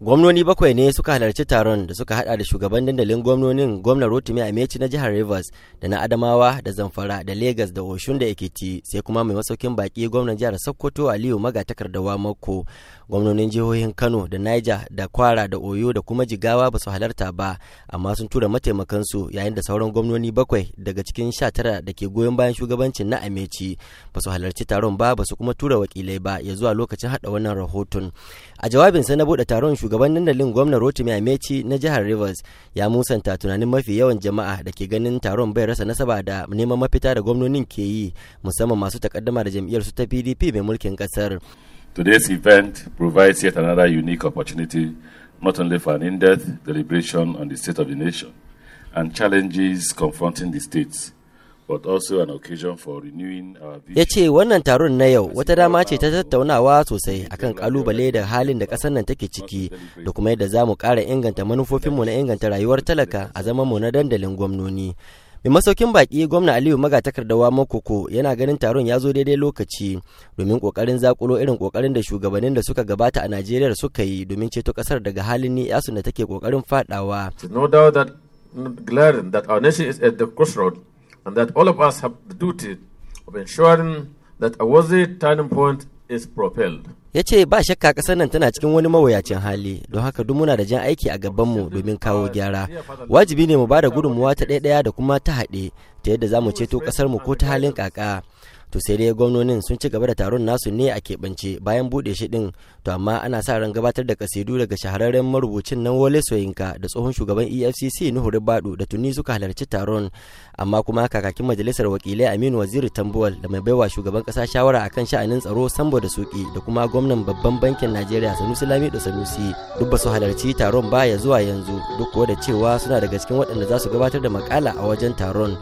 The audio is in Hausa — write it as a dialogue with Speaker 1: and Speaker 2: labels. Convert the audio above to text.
Speaker 1: gwamnoni bakwai ne suka halarci taron da suka hada da shugaban dandalin gwamnonin gwamnan rotimi ameci na jihar rivers da na adamawa da zamfara da Legas da oshun da ekiti sai kuma mai masaukin baki gwamnan jihar sokoto aliyu magatakardawa mako gwamnonin jihohin kano da niger da kwara da oyo da kuma jigawa ba su halarta ba amma sun tura mataimakansu yayin da sauran gwamnoni bakwai daga cikin sha tara da ke goyon bayan shugabancin na ameci ba su halarci taron ba ba su kuma tura wakilai ba ya zuwa lokacin hada wannan rahoton a jawabinsa na buɗe taron shugaban dandalin gwamnan rotimi amechi na jihar rivers ya musanta tunanin mafi yawan jama'a da ke ganin taron bai rasa nasaba da neman mafita da gwamnonin ke yi musamman masu takaddama da jam'iyyar su ta pdp mai mulkin kasar
Speaker 2: today's event provides yet another unique opportunity not only for an in-depth deliberation on the state of the nation and challenges confronting the states
Speaker 1: Ya ce wannan taron na yau wata dama ce ta tattaunawa sosai akan kalubale da halin da ƙasar nan take ciki da kuma yadda za mu ƙara inganta manufofinmu na inganta rayuwar talaka a mu na dandalin gwamnoni. mai masaukin baki gwamna aliyu magatakardawa makoko yana ganin taron ya zo daidai lokaci domin kokarin zakulo irin kokarin da shugabannin da suka gabata a najeriya suka yi domin ceto kasar daga halin ni yasun da take kokarin fadawa
Speaker 3: no that glaring is at the crossroad and that all of us have the duty of ensuring that a worthy turning point is propelled.
Speaker 1: ya ce ba shakka ƙasar nan tana cikin wani mawuyacin hali don haka duk muna da jan aiki a gabanmu domin kawo gyara wajibi ne mu ba da gudunmuwa ta ɗaya ɗaya da kuma ta haɗe ta yadda za mu ceto ƙasarmu ko ta halin ƙaƙa to sai dai gwamnonin sun ci gaba da taron nasu ne a keɓance bayan buɗe shi din to amma ana sa ran gabatar da kasidu daga shahararren marubucin nan wole soyinka da tsohon shugaban efcc nuhu ribadu da tuni suka halarci taron amma kuma kakakin majalisar wakilai aminu waziri tambuwal da mai baiwa shugaban ƙasa shawara akan sha'anin tsaro sambo da suki da kuma gwamnan babban bankin najeriya sanusi lamido sanusi duk ba su halarci taron ba zuwa yanzu duk kuwa da cewa suna daga cikin waɗanda za su gabatar da makala a wajen taron